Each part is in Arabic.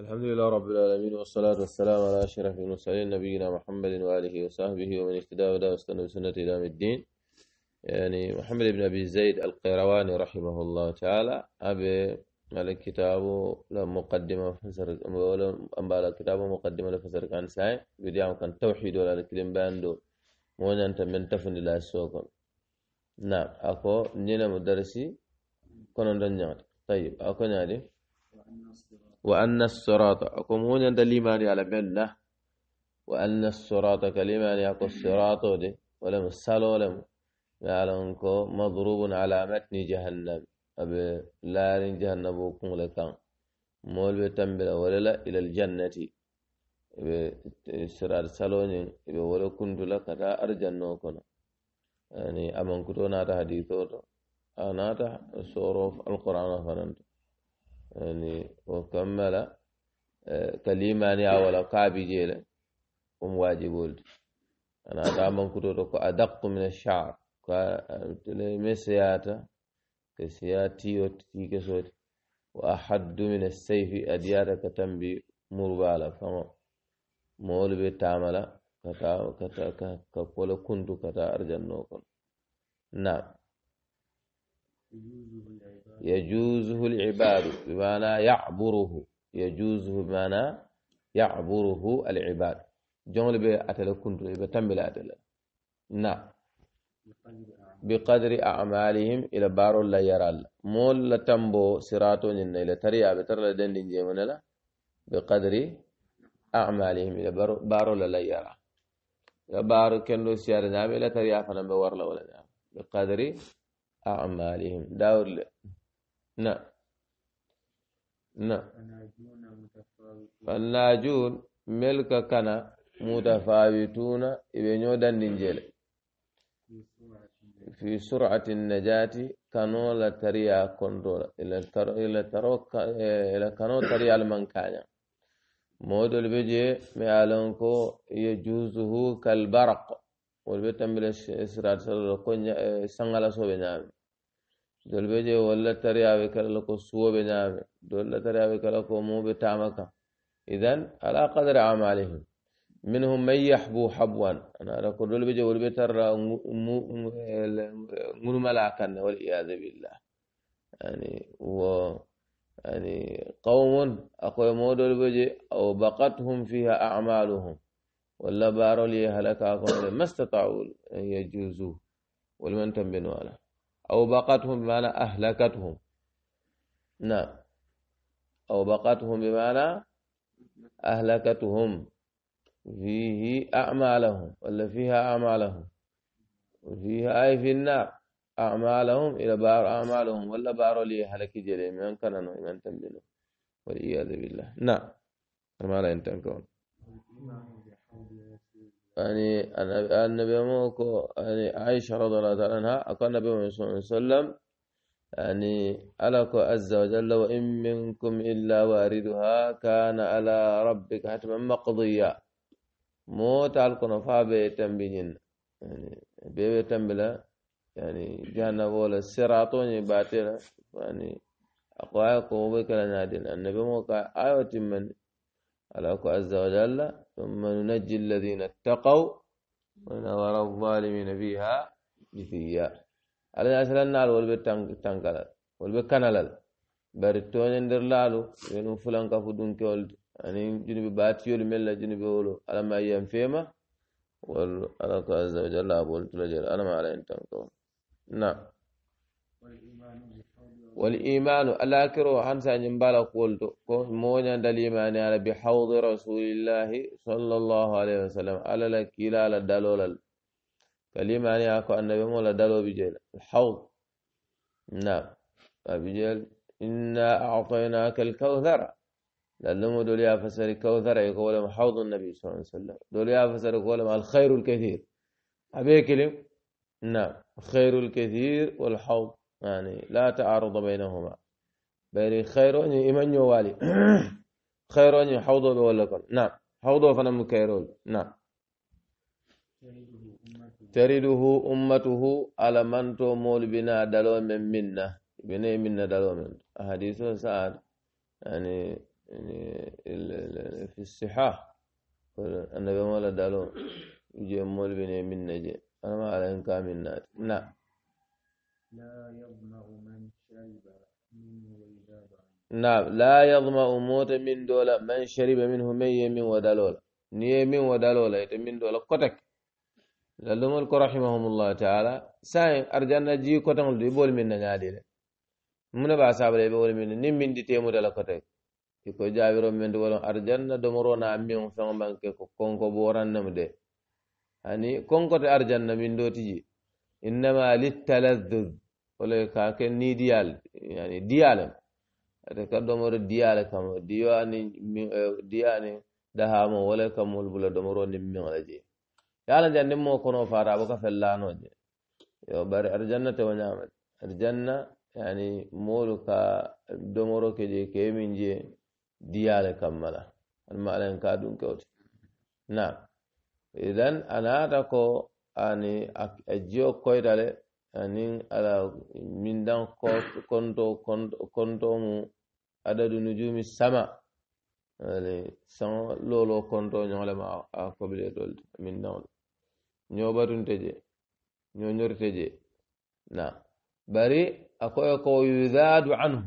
الحمد لله رب العالمين والصلاة والسلام على أشرف المرسلين نبينا محمد وآله وصحبه ومن اهتدى ودا واستنى بسنة إلى الدين يعني محمد بن أبي زيد القيرواني رحمه الله تعالى أبي على كتابه لمقدمة فسر أم على كتابه مقدمة لفسر كان ساي بديعه كان توحيد ولا الكلم باندو وين أنت من تفن إلى السوق نعم أكو نينا مدرسي كنا نجعل طيب أكو نادي وأن الصراط أقوم هنا دليمان على بلة وأن الصراط كلمان يقول الصراط دي ولم الصلاة ولم يعلمك مضروب على متن جهنم أبي رين جهنم وكم لكان مول بتنبل ولا إلى الجنة sirar salonin ɓe كنت kundula kata arjanno كنا يعني amankuto nata hadito to a nata soro alqur'ana fananto يعني وكمل كلمة يعني أولا كابي جيلة أم واجب ولد أنا دائما كنت أقول أدق من الشعر مسيات كسياتي وتي كسوت وأحد من السيف أدياتا كتنبي مربالا فما مول بتعملا كتا كتا كقول كنت كتا أرجنوكم نعم يجوزه العباد بمعنى يعبره يجوزه بمعنى يعبره العباد جمل بي أتلا كنت بي تمبل أتلا نعم بقدر أعمالهم إلى بارو لا يرى مول لا تمبو سراتو نين إلى تريا بتر لا دين جيمون لا بقدر أعمالهم إلى بارو لا يرى بارو كندو سيار نام إلى تريا فنم بورلا ولا نام بقدر أعمالهم داور نعم نعم فالناجون ملك كنا متفاوتون إبنيو ننجل في سرعة النجاة كانوا لا تريا كنترول إلى ترو إلى ترو كانوا تريا المنكانيا مودل بيجي ميالونكو يجوزه كالبرق wol be tambila sirat salala ko sangala soɓe ñaami dol be je walla tariyaɓe kala la ko suwoɓe ñaami dol la tariyaɓe kala ko muɓe tama kam idan ala qadre amalihim minhum man yahbu habwan anaara ko dol be je wol ɓe tarra ŋunumala kanne wal iyadu billah yani wo yani qawmun akoye moɗol be je aw bakathum fiha amaluhum ولا لي هلكا أكون ما استطاعوا أن ولمن تم بنوالا أو بقتهم بمعنى أهلكتهم نعم أو بقتهم بمعنى أهلكتهم فيه أعمالهم ولا فيها أعمالهم فيها أي في النار أعمالهم إلى بار أعمالهم ولا بار لي هلك جلي من كان من تنبنوا والعياذ بالله نعم ما لا ينتهي يعني النبي موكو يعني عائشة رضي الله تعالى عنها أقول النبي صلى الله عليه وسلم يعني ألك عز وجل وإن منكم إلا واردها كان على ربك حتما مقضيا موت على القنفاء بيتم بجن يعني بيتم بلا يعني جهنم بولا سراتوني باتلا يعني أقوى قوة كلا نادل النبي موكو آية من على عز وجل ثم ننجي الذين اتقوا ونذر الظالمين فيها جثيا على أسلا نال والبي تنكالال والبي كنالال bari toñendir laalu yonum fulanka fu dunkewolde anin junubi baatiyolu mel la junubi wolo alama yiyan feema wal ala ko azza wa jalla abol tulajel alama ala en tan ko na والإيمان الأكره عن سانجم قولت مونا دالإيمان على بحوض رسول الله صلى الله عليه وسلم على لكيلا على دلول كلمة أني أكو أن مولا دلو بجيل الحوض نعم بجيل إنا أعطيناك الكوثر لأنه دوليا فسر الكوثر يقول حوض النبي صلى الله عليه وسلم دوليا فسر يقول الخير الكثير أبي كلم نعم الخير الكثير والحوض يعني لا تعارض بينهما بيري خير أن إيمان يوالي خير أن يحوضه بولكم نعم حوضه فنم كيرول نعم تريده أمته على من تو مول بنا دلو من منا بنا منا دلو من أحاديث سعد يعني, يعني في الصحاح النبي مولى دلو يجي مول بنا منا جي أنا ما عليهم كامل نعم لا يظمأ من شرب منه ويذاب نعم لا يظمأ موت من دولا من شرب منه من يمين ودلولا نيمين ودلولا يتمين دولا قتك لالمول رحمهم الله تعالى ساين أرجعنا جي قتن يبول من نادي muna ba sabale be wol min nin min di temu dala kote iko jawiro men do wol arjanna do morona amin fon banke ko konko borannam de ani konko te arjanna min do tiji innama litaladzuz wala ka ke ni diyal yani dialem ate ka domoro diyala kam diwani diyani dahamo wala kamol bula domoro ni miŋla je yala jandi mo kono fara abo ka fellano je yo bari arjanna te wañamat arjanna yani moolu ka domoro ke je ke min je diyale kammala anma alayen ka dun kewte na idan anata ko ani a jiyo koydale anin ala min mindan konto konto mu adadu nujumi sama ale san lolo konto ñoŋole ma a ko min kobile dolde mindanol teje je ñoñorte teje na bari akoye ko yuzadu anhu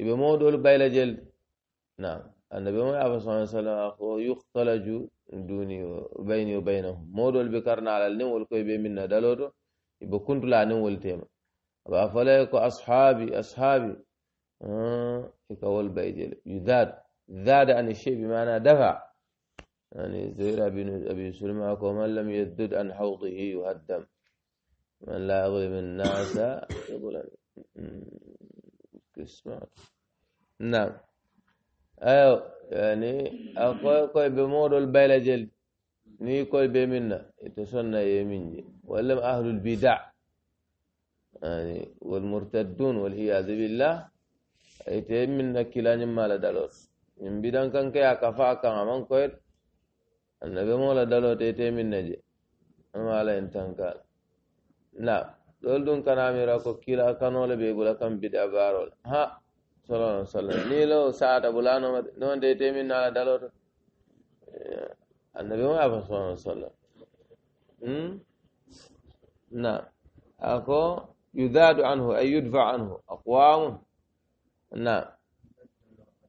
ibe moɗol bayla jelde na annabi mo yafa sa sallam ako yuhtalaju duni bayni wa baynahum moɗol be karnalal nin wol koye ɓe minna daloto يبقى كنت لا نول تيما أبقى فلا أصحابي أصحابي آه يكوال بيجل يذاد ذاد عن الشيء بمعنى دفع يعني زهير أبي سلمة ومن لم يذد عن حوضه يهدم من لا يظلم الناس يظلم اسمع نعم أيوة يعني أقول قوي بمور البيلجل ni koy be min na ite sonna ye min je wallam ahlul bida ani wal murtaddun wal iyadu billah ite e min na kilañim mala dalot min bidan kanke ya kafa kan aman koyet annabe mola dalote ite min na je amala en tankal na dol dun kanamira ko kila kanole be gula kan bida barol ha sallallahu alaihi wasallam ni lo saata bulano wonde ite min na dalot النبي ما صلى الله عليه وسلم نعم أكو يذاد عنه أي يدفع عنه أقوام نعم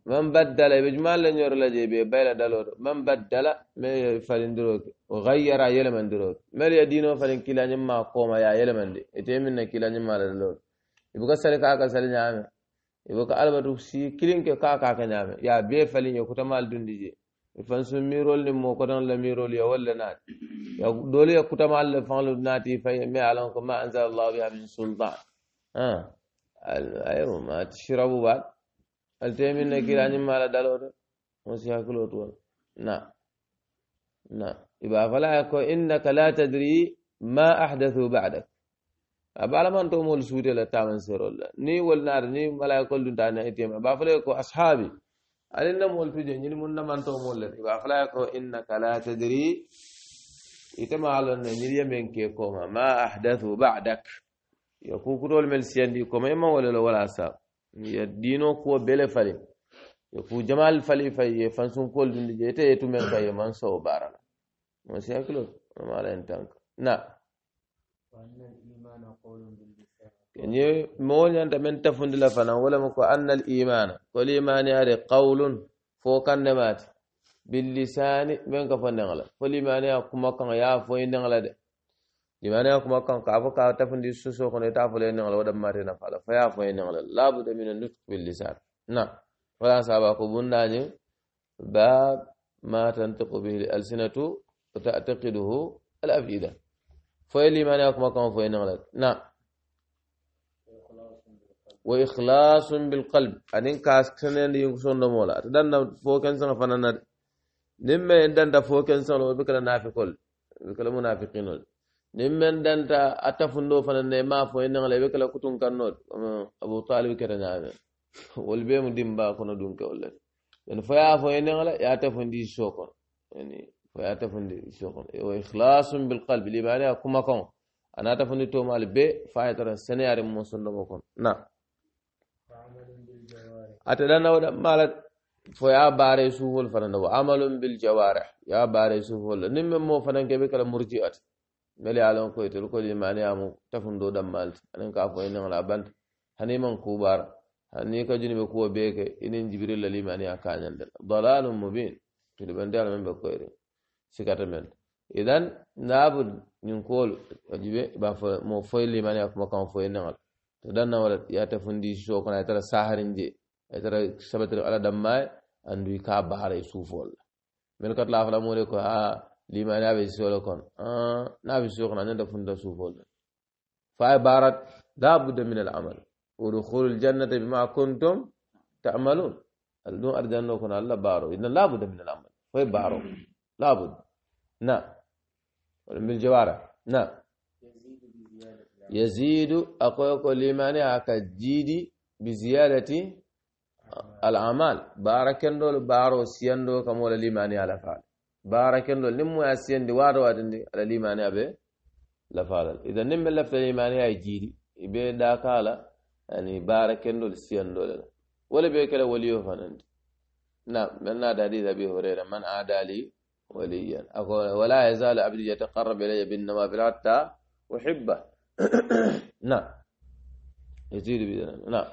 من بدل بجمال لن يور لجيبي بيلا دلور من بدل ما فلن دروك وغير يلمن دروك مال يدينو فلن كلا نما قوم يا يلمن دي اتيمنا كلا نما دلور يبقى سالك أكا سالي نعمه يبقى ألبا تفسي كلين كاكا نعمه يا بيه فلن يكتمال دون دي ifansun mirol ni mo kodan la mirol ya walla naati ya dole ya kutama alla fanlu naati fa me alan ko ma anzal allah biha min sultan ha ayo ma tishrabu ba al temin na kirani mala dalodo mo si hakulo to na na iba fala ko innaka la tadri ma ahdathu ba'dak abalaman to mol suute la taman serol ni wal nar ni mala ko dun tane itema ba fala ko ashabi alin na mol tuje nyil mun na man to mol le ba fala ko innaka la tadri itama alon na nyil yemen ke ko ma ma ahdathu ba'dak yaku kudol mel siyandi ko ma ma wala wala sa ya dino ko bele fale yaku jamal fale faye fansun kol dundi je te etu men kaye man so barala mo siaklo ma la entank na wa anna al-imana qawlun bil يعني مول أنت من تفند لفنا ولا مكو أن الإيمان والإيمان يعني قول فوق النمات باللسان من كفن نغلا والإيمان يكما كان يافو نغلا ده الإيمان يكما كان كافو كافو تفند يسوسو كن يتافو لنغلا ودم ماتنا فلا فيافو نغلا لابد من النطق باللسان نعم ولا سابقوا بنا باب ما تنطق به الألسنة وتعتقده الأفئدة فإلي ما يكما كان فإن نغلا نعم وإخلاص بالقلب أن إن كاس كنن يقصون دمولا تدان فوكن سنة فنان نم يندان فوكن سنة وبكلا نافقول بكلا منافقين نم يندان تا فنان ما فوين نغلا بكلا كتون كنود أبو طالب كرنا عمي والبيم ديم با كنا دون كولا ين يعني فيا فوين نغلا ياتفندي شوكون يعني فيا تفندي شوكون وإخلاص بالقلب اللي بعدها كم أنا تفندي توم على بي فايتر السنة يا رب مصلي نعم أتدنا ولا مالت فيا باري سوفل فنن وعمل بالجوارح يا باري سوفل نم مو فنن كبي كلا مرجئات ملي علون كويت لكل المعنى أمو تفهم دو دم مالت أنا كافو إنن على بنت هني من كوبار هني كجني بكو بيك إنن جبريل للي معنى أكان يندل ضلال مبين تلبن دال من بكويري سكتمن إذن نابد نقول أجيب بافو مو فويل معنى أكما كان فويل نغل to danna wala yata fundi so kono yetara saharin je yetara sabatiri ala dammaye anduy ka bahara e suufol mel kat la fala mole ko ha lima naɓe sole kon naɓe so kono ananda funda suufol fa barat la budda min al amal ودخول الجنة بما كنتم تعملون الدون أرجانو كنا الله بارو إذن لابد من العمل فهي بارو لابد نعم بالجوارة نعم يزيد أقوك لمن أكجيدي بزيادة الأعمال بارك الله بارو سيندو دول كمول لمن على فعل بارك الله نمو أسيان دي وارو أدن على لمن أبي لفعل إذا نم لفت لمن أجيدي إبي داكالا يعني بارك الله سيان دول ولا بيكلا وليه فنند نعم من نادى حديث ذبي هريرة من عاد لي وليا ولا يزال عبدي يتقرب إلي بالنوافل حتى أحبه نعم يزيد بذنب نعم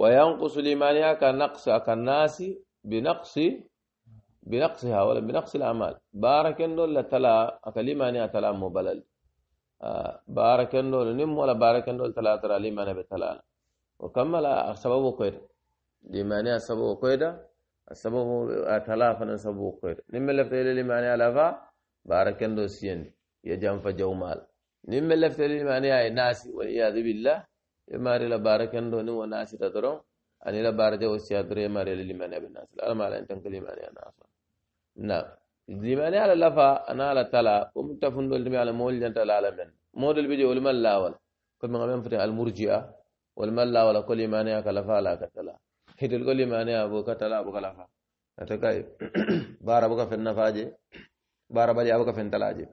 وينقص لإيمانها كنقص كالناس بنقص بنقصها ولا بنقص الأعمال بارك إنه لتلا أكلماني تلا مبلل آه، بارك النور نم ولا بارك النور تلا ترى لمن بتلا وكمل سببه كويدا لمن سببه كويدا سببه تلا فن سببه كويدا نم لفتيل لمن على لفا بارك النور سين يجام فجومال nin me lefteli mani aye naasi waliyadu billah e mari la bara kendo nin wo naasita doron ani la bara jawo siya doro e mari ala limani aɓe naasila ala ma ala en tanka limani a naaso na limani ala lafa ana ala tala womu tafundol timi ala mowol janta ala ala men modol ɓe je woliman lawal komi ga men foten almurjia woliman lawala ko limani a ka lafa ala ka tala hitel ko limani a bo ka tala abo ka lafa ata kay bara bo ka fen nafaje bara baje abo ka fen talaje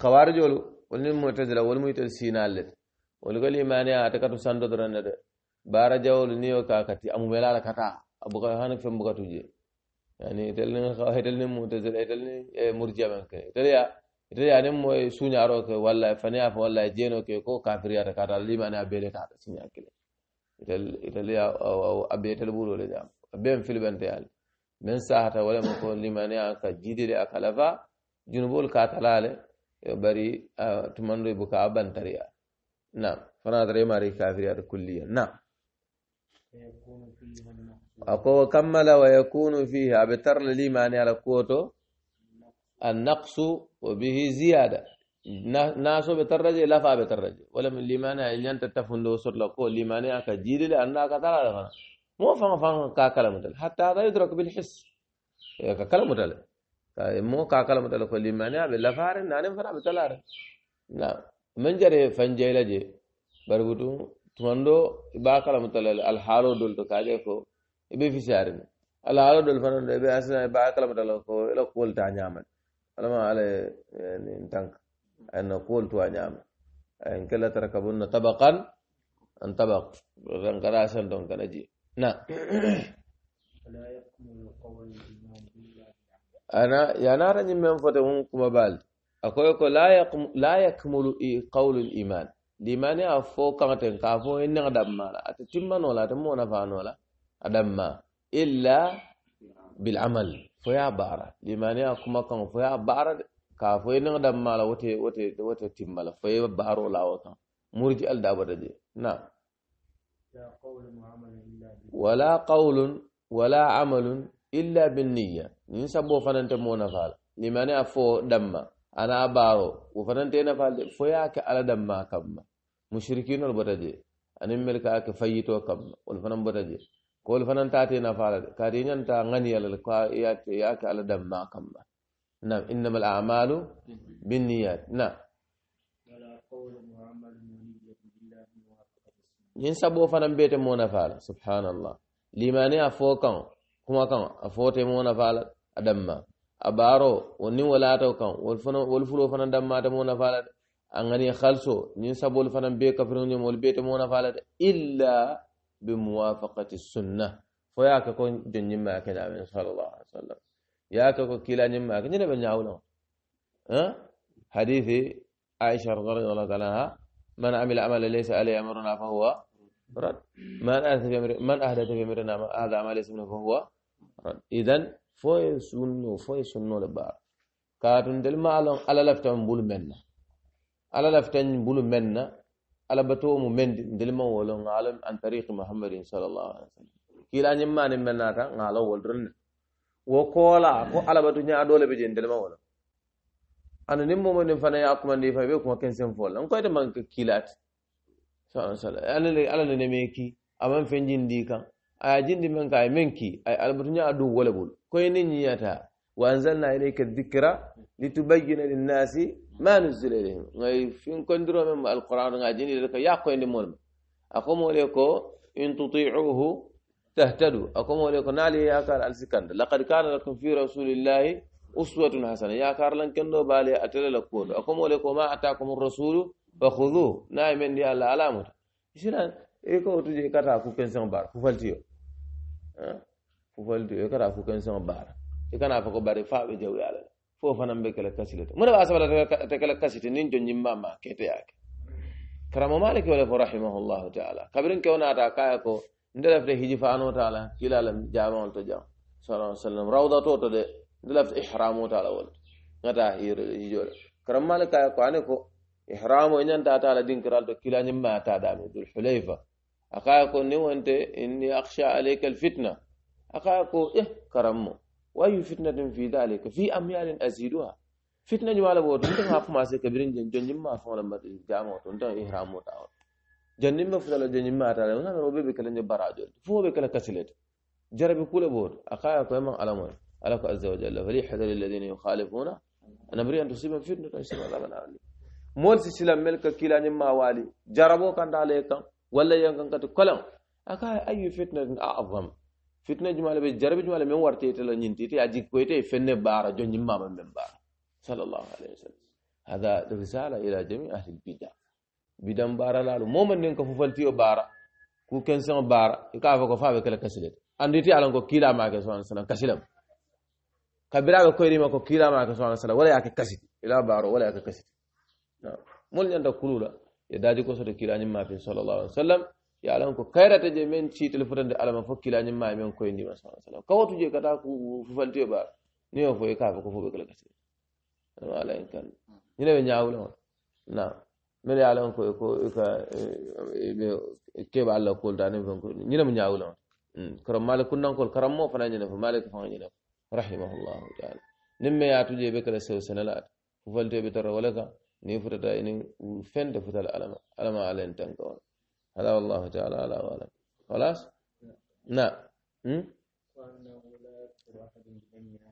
khawarijolu wolni mutazila wol muytol sinallet wolgol imani atakatu sando dorane de bara jawol niyo ka kati amumelala kata abuka hana fen bukatu je yani italni italni mutazila italni murjiya men ke italya italya anin mo suñaro ke walla fani afa walla jeno ke ko kafiriyata kata limani abele tata siña kile italiya abe ital ɓuurole jam ben filɓenteyal min sahata walema ko limani a ka jidide a kalafa junubol katalale بري آه، تمنوي بكا بن تريا نعم فانا دري ماري كافريا كليا نعم أقوى كمل ويكون فيها بتر لي ماني على قوته النقص وبه زيادة ناس بترجي لفا بترجي ولم اللي ماني اللي انت تفهم لو صر لقوة اللي ماني اكا جيد لأننا اكا ترى مو فان فان كا كلمة حتى هذا يدرك بالحس كا كلمة mo kakala mo tala ko limani aɓe lafaren nanen fana aɓe talare na man jare fanjeyla je bargutu tumando iba kala mo tala alhaalo dol to kaje ko eɓe fisarimi alhaalo dol fana ɗo eɓe asina iba kala mo tala ko ela kolta ñaman alama ala yani tanka ayna koltu a ñama ayin kala tarakabunna tabaqan an tabaq tan kada asan don kana je na أنا ينار من فتهم كما بال أقول لا يقم لا يكمل قول الإيمان limani a fo kaŋaten ka fo i neŋ damma la ate timma no la ate moo nafa no la a damma illa bilamal fo ye a baara limani a kuma kaŋ fo ye a baara de ka fo i neŋ damma la wote wote wote timma la fo ye baaro la wo kaŋ murji al dabata je na wala qawlun wala amalun illa binniya nin sabo fanante mo nafala limane a fo damma ana baro wo fanante nafalde fo yake ala damma kamma musrikinol bota je anin mel ka ake fayyito kamma wol fanan bota je ko wol fanan tate nafala de kati ñanta ganiyalal ko yake ala damma kamma nam innama al amalu binniyat na ñin sabo fanan bete mo nafala subhanallah limane a fo kan kuma kan a fote mo nafala adamma abaro woni wala to kan wol fana wol fulo fana damma ta mo nafala angani khalso ni sabol fana be kafiru ni mol be ta mo nafala de illa bi muwafaqati sunnah fo ya ka ko jonnimma ke da min sallallahu alaihi wasallam ya ka ko kila nyimma ke ni be nyaawno ha hadithi aisha radhiyallahu ta'ala anha man amila amala laysa alayhi amruna fa huwa رد من أحدث في أمرنا هذا ما ليس منه فهو رد إذن foye sunno foye sunnole ɓaar kaatun tel ma alon ala lafta on bulu menna ala lafta bulu menna ala bato mu mendi ndel ma wolo ngalo an tariqi muhammadin sallallahu alaihi wasallam kila nyim mani mennata ngalo woldron wo kola ko ala bato nya dole be jendel ma wolo anu nim mo men fana ya kuma ndi fa be kuma ken sen fol an ko ita man kilat sallallahu alaihi wasallam ala ne me ki aman fenjin di kan aya jindi men ka ay men ki ay albutuña a ɗum wole ɓol koyeni ñiyata wa anzalna ilayka dicra litubayyina linnasi ma nuzila ilayhim gay fin kondiro men alquran ga jindi ɗe ko yakkoyndi molma akomole ko in tutiuhu tahtadu akomole ko naali yakar alsikanda laqad kana lakum fi rasulillahi uswatun hasana yakar lan kendo baale a telela kuwoɗo akomole ko ma atakum rasulu fakhuduhu nayi men ndi allah alamuta isilan e ko tuje kata ku pension bar ku faltiyo fufaltu e kata fo kenseŋo baara i kana fo ko bari faa ɓe jawi ala la fo fanaŋ be kela kasi le to mu ne ɓa sabalate kela kasi ti niŋ jonjimma ma keteyaake karamo maale kewole fo rahimahullahu taala kabiriŋ kewo naata kaya ko nde lafta hiji faano taala kila la jamaŋol to jaŋ sala sallam rawdato to de nde lafta ihramo taala wolto ŋata hiiro hijole karamo maale kaya ko ane ko ihramo e ñanta taala dinkiral to kila ñimma ta dami dul hulayfa akaya ko ni wonte inni akhsha alayka alfitna akaya ko eh karammo wayu fitnatin fi dhalika fi amyalin aziduha fitna jumala bo tun tan hafu mase kabirin jen jon jimma fa wala mati jamo tun tan ihramu ta jon nimbe futala jon jimma ta la na robe be kala bara jol fo be kala kasilet jarabi kula bo akaya ko man alamo alako azza wa jalla fali hadal alladhina yukhalifuna an amri an tusibam fitnatan shirra la ban ali mol silam melka kila nyimma wali jarabo kan dale ولا ينكنكت كلام أكا أي فتنة أعظم فتنة جمالة بجرب جمالة من ورتيت لنينتيتي أجيك كويتي فن بارا جون يمام من بارا صلى الله عليه وسلم هذا رسالة إلى جميع أهل البدع بدع بارا لالو مومن نينكو ففلتيو بارا كو كنسان بارا يكافو كفابك لكسلت أنديتي ألانكو كيلا معك صلى الله عليه وسلم كسلم kabiraɓe koyrima ko kiilamaka sala sallam wala yake kasiti ila baaro wala yake kasiti mol ñanta kulula يدادي كسر كيلاني ما في صلى الله عليه وسلم ya alam ko kayrata je men ciitel fotande alama fokkilañin ma men koyndima sa sallam kawatu je kata ko fufaltiyo ba ni o foye kaafa ko foɓe kala gasi ana ala en kan ñine ɓe ñawule on na mbeɗe alam koy ko ka ɓe keɓa allah koltani fen ko ñine mo ñawule on kono malik kunnankol karammo fana ñine fo malik fan ñine fo rahimahullahu taala nin me yatuje ɓe kala sew senelaat fufaltiyo ɓe torra wala ka ni futata inin fende futala alama alama alen tanka on هذا والله تعالى على أعلم خلاص نعم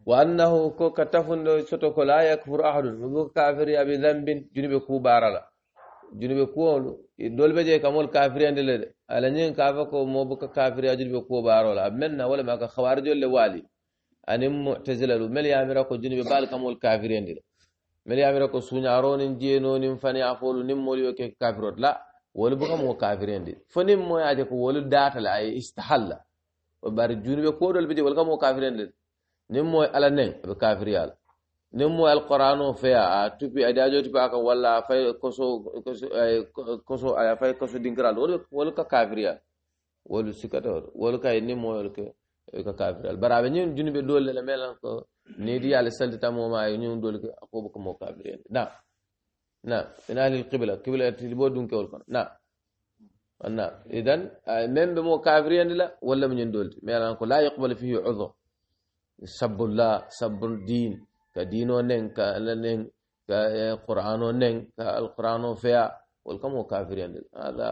وأنه كتفن ستوك لا يكفر أحد فكو كافر بذنب جنب كو بارلا جنب كو دول بجي كمول كافر عند لد على نين كافر كو مو بك كافر جنب كو بارلا أمنا ولا ما كخوارج ولا والي أن معتزلة مل يامرا كو جنب بال كمول كافر عند لد mel yamira ko suñaronin jenonin fani a folu nin molu yo ke kafirot la wolu buka mo kafirendi fo nin mo yaje ko wolu datala ay istahalla o bari junibe kodol bije wolu ka mo kafirendi nin mo ala nen be kafiriyala nin mo alquran o feya a tupi ade ajo tupi aka walla a fay koso koso aya fay koso dinkiral wolu wolu ka kafiriyala wolu sikata wolu kay nin mo wolu ke ka kafiriyala bari aɓe ñin junibe dolle le melan ko نيدي على سلطة تامو ما ينون دول أقوبك مقابل نعم نعم من أهل القبلة قبلة تلبو دون كول نعم نعم إذن آه، من بمو كافرين لا ولا من يندول ما يعني لا يقبل فيه عذر سب الله سب الدين كدين ونن كالنن كقرآن ونن كالقرآن فيا والكم هو كافرين هذا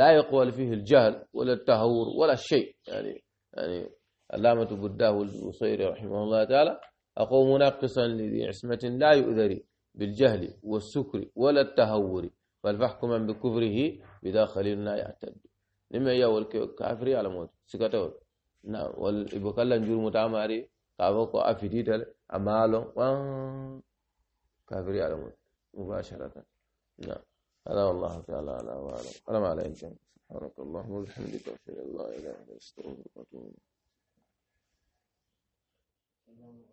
لا يقبل فيه الجهل ولا التهور ولا شيء يعني يعني علامة بده والبصيري رحمه الله تعالى أقوم ناقصا لذي عصمة لا يؤذري بالجهل والسكر ولا التهور بل فحكما بكفره بداخل لا يعتد لما يا والكافر على موت سكتوا نا والبكلا نجور متعماري قابوكو أفيديت أمال وان كافر على موت مباشرة نعم أنا والله تعالى على وعلم أنا ما عليه الجنة سبحانك اللهم وبحمدك اغفر الله لا اله الا انت استغفرك واتوب